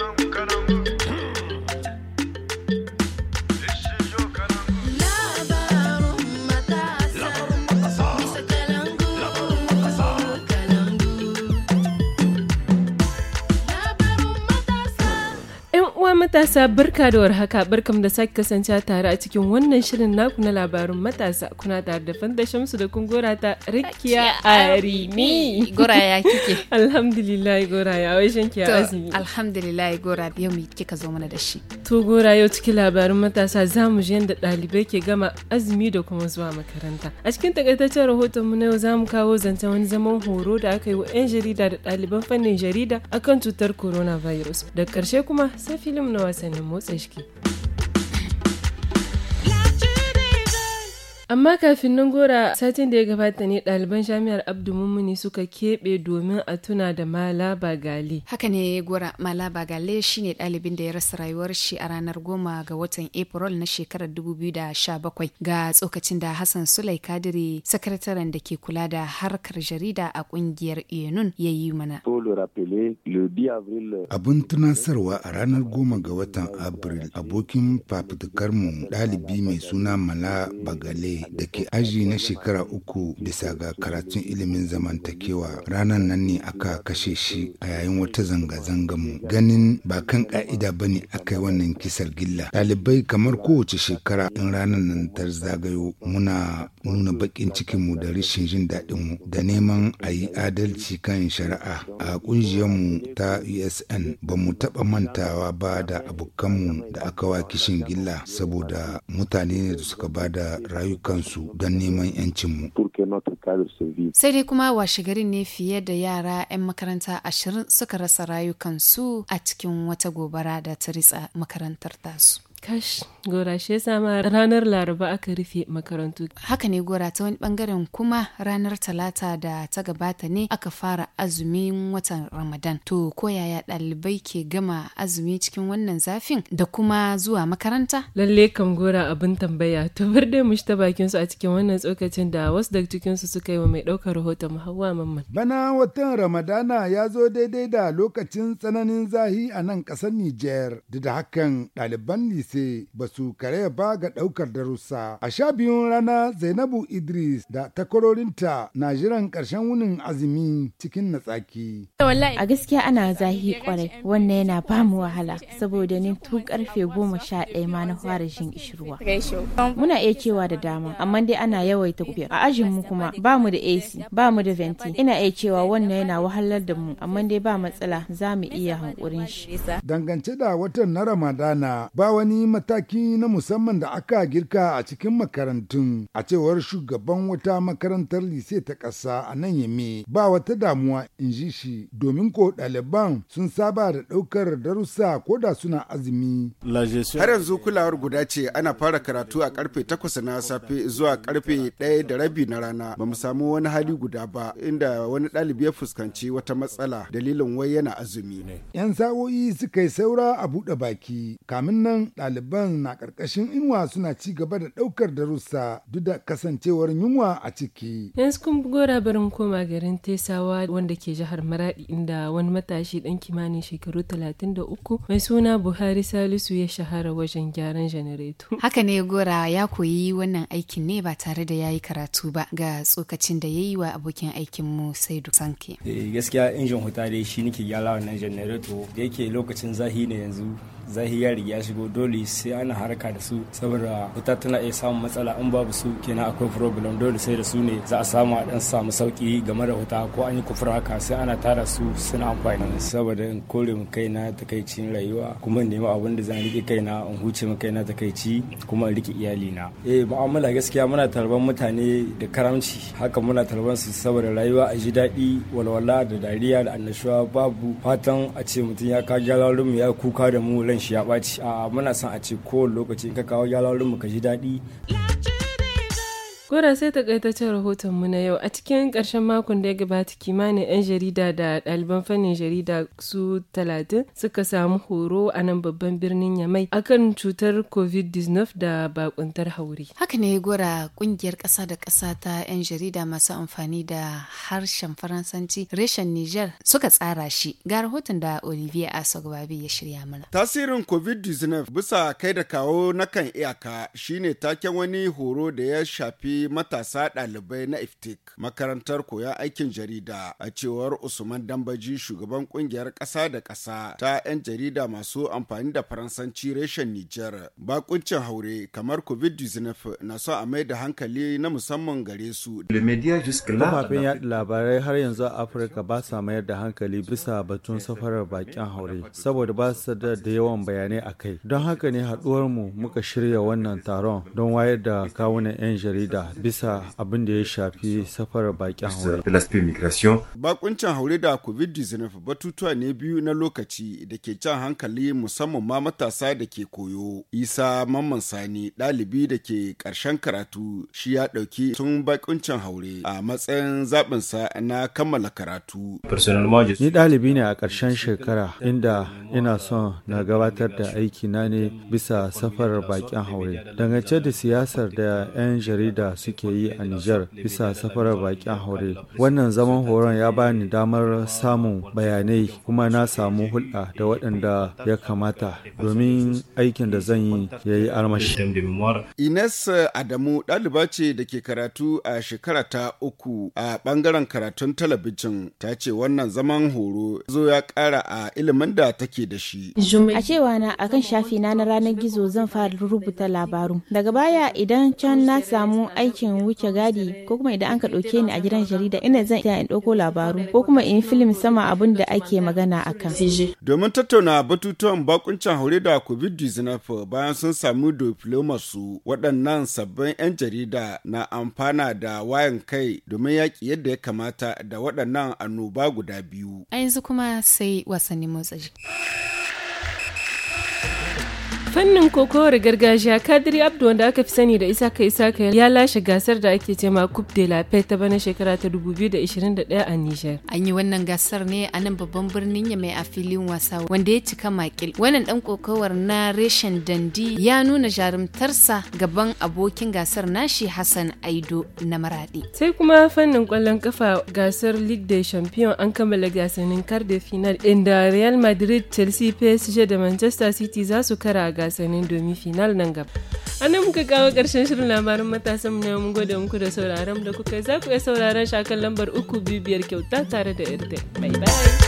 I don't matasa barka da warhaka barkam da sake kasance tare a cikin wannan shirin naku na labarin matasa kuna tare da fanta shamsu da kun gora ta rikiya arimi goraya kike alhamdulillah goraya wai shan ki azumi alhamdulillah gora yau mi kika zo mana da shi to gora yau cikin labarin matasa za mu ji yadda ɗalibai ke gama azumi da kuma zuwa makaranta a cikin takaitaccen rahoton mu na yau za mu kawo zancen wani zaman horo da aka yi wa 'yan jarida da ɗaliban fannin jarida akan cutar coronavirus da ƙarshe kuma sai filin na wasannin motsa jiki. Amma kafin nan gora satin da ya gabata ne ɗaliban jami'ar Abdu Mummuni suka keɓe domin a tuna da Malaba Gale. Haka ne gora Malaba Gale shine ɗalibin da ya rasa rayuwar shi a ranar goma ga watan April na shekarar 2017 ga tsokacin da Hassan Sulai Kadiri sakataren da ke kula da harkar jarida a ƙungiyar Enun ya yi mana. Euh, Abin tunasarwa a ranar goma ga watan April abokin fafutukarmu ɗalibi mai suna Mala Bagale da ke aji na shekara uku bisa ga karatun ilimin zamantakewa ranar nan ne aka kashe shi a yayin wata zanga-zangar mu ganin ba kan ka'ida ba ne aka yi wannan kisar gilla ɗalibai kamar kowace shekara in ranar nan ta zagayo muna nuna baƙin mu da rashin jin mu da neman a yi adalci kan shari'a a mu ta usn ba mu taɓa mantawa ba da abokanmu da aka wa kishin gilla saboda mutane ne da suka ba da rayuka kansu don neman 'yancinmu. Sai dai kuma washe garin ne fiye da yara 'yan makaranta ashirin suka rasa rayukansu a cikin wata gobara da ta ritsa makarantar tasu. Kash, gora shi yasa ma ranar Laraba aka rufe makarantu. Haka ne gora ta wani bangaren kuma ranar Talata da ta gabata ne aka fara azumin watan Ramadan. To ko yaya ɗalibai ke gama azumi cikin wannan zafin da kuma zuwa makaranta? Lalle kam gora abin tambaya. To bar dai mu ta bakin su a cikin wannan tsokacin da wasu daga cikin su suka yi wa mai ɗaukar rahoton hawa Mamman. Bana watan Ramadana ya zo daidai da lokacin tsananin zahi a nan nijer Nijar. Da hakan ɗaliban lise ba su kare ba ga ɗaukar darussa. A sha biyun rana Zainabu Idris da takwarorinta na jiran ƙarshen wunin azumi cikin natsaki. A gaskiya ana zahi kwarai wannan yana ba mu wahala saboda ni tu karfe goma sha ɗaya ma na fara jin ishirwa. Muna iya cewa da dama amma dai ana yawaita kufiya. A ajin mu kuma ba mu da AC ba mu da venti ina iya cewa wannan yana wahalar da mu amma dai ba matsala za mu iya hankurin shi. Dangance da watan na Ramadana ba wani mataki na musamman da aka girka a cikin makarantun a cewar shugaban wata makarantar lise ta ƙasa a nan yame ba wata damuwa in ji shi domin ko ɗaliban sun saba da ɗaukar darussa ko da suna azumi. Har yanzu kulawar guda ce ana fara karatu a karfe takwas na safe zuwa karfe ɗaya da rabi na rana ba mu samu wani hali guda ba inda wani ɗalibi ya fuskanci wata matsala dalilin wai yana azumi. 'Yan sa'o'i suka yi saura a buɗe baki kamin nan ɗaliban na ƙarƙashin inuwa suna ci gaba da ɗaukar darussa duk da kasancewar yunwa a ciki. Yanzu kun gora barin koma garin Tesawa wanda ke jihar Maradi inda wani matashi ɗan kimanin shekaru talatin da uku mai suna Buhari Salisu ya shahara wajen gyaran janareto. Haka ne gora ya koyi wannan aikin ne ba tare da ya yi karatu ba ga tsokacin da ya yi wa abokin aikin mu sai Sanke. Eh, gaskiya injin huta dai shi nake gyara wannan janareto da yake lokacin zahi ne yanzu zahi ya riga ya shigo dole hankali sai ana haraka da su saboda wuta tana iya samun matsala in babu su kenan akwai problem dole sai da su ne za a samu a dan samu sauki game da wuta ko an yi kufur haka sai ana tara su suna amfani saboda in kore mu kaina takaicin rayuwa kuma in nemi abin da zan rike kaina in huce mu kaina takaici kuma in rike na. eh mu'amala gaskiya muna tarban mutane da karamci haka muna tarban su saboda rayuwa a ji daɗi walwala da dariya da annashuwa babu fatan a ce mutum ya ka gyara mu ya kuka da mu ran shi ya ɓaci a muna sa a ce kowane lokaci ka kawo yalawarin mu ka ji daɗi. Gora sai rahoton mu na yau a cikin ƙarshen makon da ya gabata kimanin 'yan jarida da ɗaliban fannin jarida su 30 suka samu horo a nan babban birnin Yamai akan cutar COVID-19 da bakuntar hauri. Haka ne gora ƙungiyar ƙasa da ƙasa ta 'yan jarida masu amfani da harshen Faransanci reshen Niger suka tsara shi ga rahoton da Olivier Asogbabi ya shirya mana. Tasirin COVID-19 bisa kai da kawo na kan iyaka shine taken wani horo da ya shafi matasa ɗalibai na iftik makarantar koya aikin jarida a cewar usman dambaji shugaban kungiyar ƙasa da ƙasa ta 'yan jarida masu amfani da faransanci reshen nijar bakuncin haure kamar covid-19 na so a mai da hankali na musamman gare su kafafen yaɗa labarai har yanzu a afirka ba sa mayar da hankali bisa batun safarar bakin haure saboda ba su da yawan bayanai a kai don haka ne haɗuwar mu muka shirya wannan taron don wayar da kawunan 'yan jarida bisa abin da ya shafi safarar bakin haure. Bakuncin haure da COVID-19 batutuwa ne biyu na lokaci da ke can hankali musamman ma matasa da ke koyo. Isa Mamman Sani ɗalibi da ke ƙarshen karatu shi ya ɗauki tun bakuncin haure a matsayin zaɓinsa na kammala karatu. Ni ɗalibi ne a ƙarshen shekara inda ina son na gabatar da aiki na ne bisa safarar bakin haure. Dangance da siyasar da 'yan jarida suke yi a Nijar bisa safarar bakin haure. Wannan zaman horon ya bani damar samun bayanai kuma na samu hulɗa da waɗanda ya kamata domin aikin da zan yi ya yi armashi. Ines Adamu ɗaliba ce da ke karatu a shekara ta uku a ɓangaren karatun talabijin ta ce wannan zaman horo zo ya ƙara a ilimin da take da shi. A cewa na akan shafi na na ranar gizo zan fara rubuta labaru. Daga baya idan can na samu aiki aikin wuce gadi ko kuma idan an ka ɗauke ni a gidan jarida ina zan iya in ɗauko labaru ko kuma in film sama abin da ake magana a kan. Domin tattauna batutuwan bakuncin haure da COVID-19 bayan sun samu diplomar su waɗannan sabbin 'yan jarida na amfana da wayan kai domin yaƙi yadda ya kamata da waɗannan annoba guda biyu. A yanzu kuma sai wasannin motsa jiki. fannin kokowar gargajiya kadiri abdu wanda aka fi sani da isa ka ya lashe gasar da ake cema coupe de la paix ta bana shekara ta 2021 a niger an yi wannan gasar ne a nan babban birnin ya mai a filin wasa wanda ya cika makil wannan dan kokowar na reshen dandi ya nuna jarumtarsa gaban abokin gasar nashi hassan aido na maradi sai kuma fannin kwallon kafa gasar league de champion an kammala gasannin quart de final inda real madrid chelsea psg da manchester city za su kara gasanin domin final nan gaba. A muka kawo ƙarshen shirin labarin matasan na mun gode muku da sauraron da kuka za ku iya sauraron shakan lambar uku bibiyar kyauta tare da irte. Bye bye.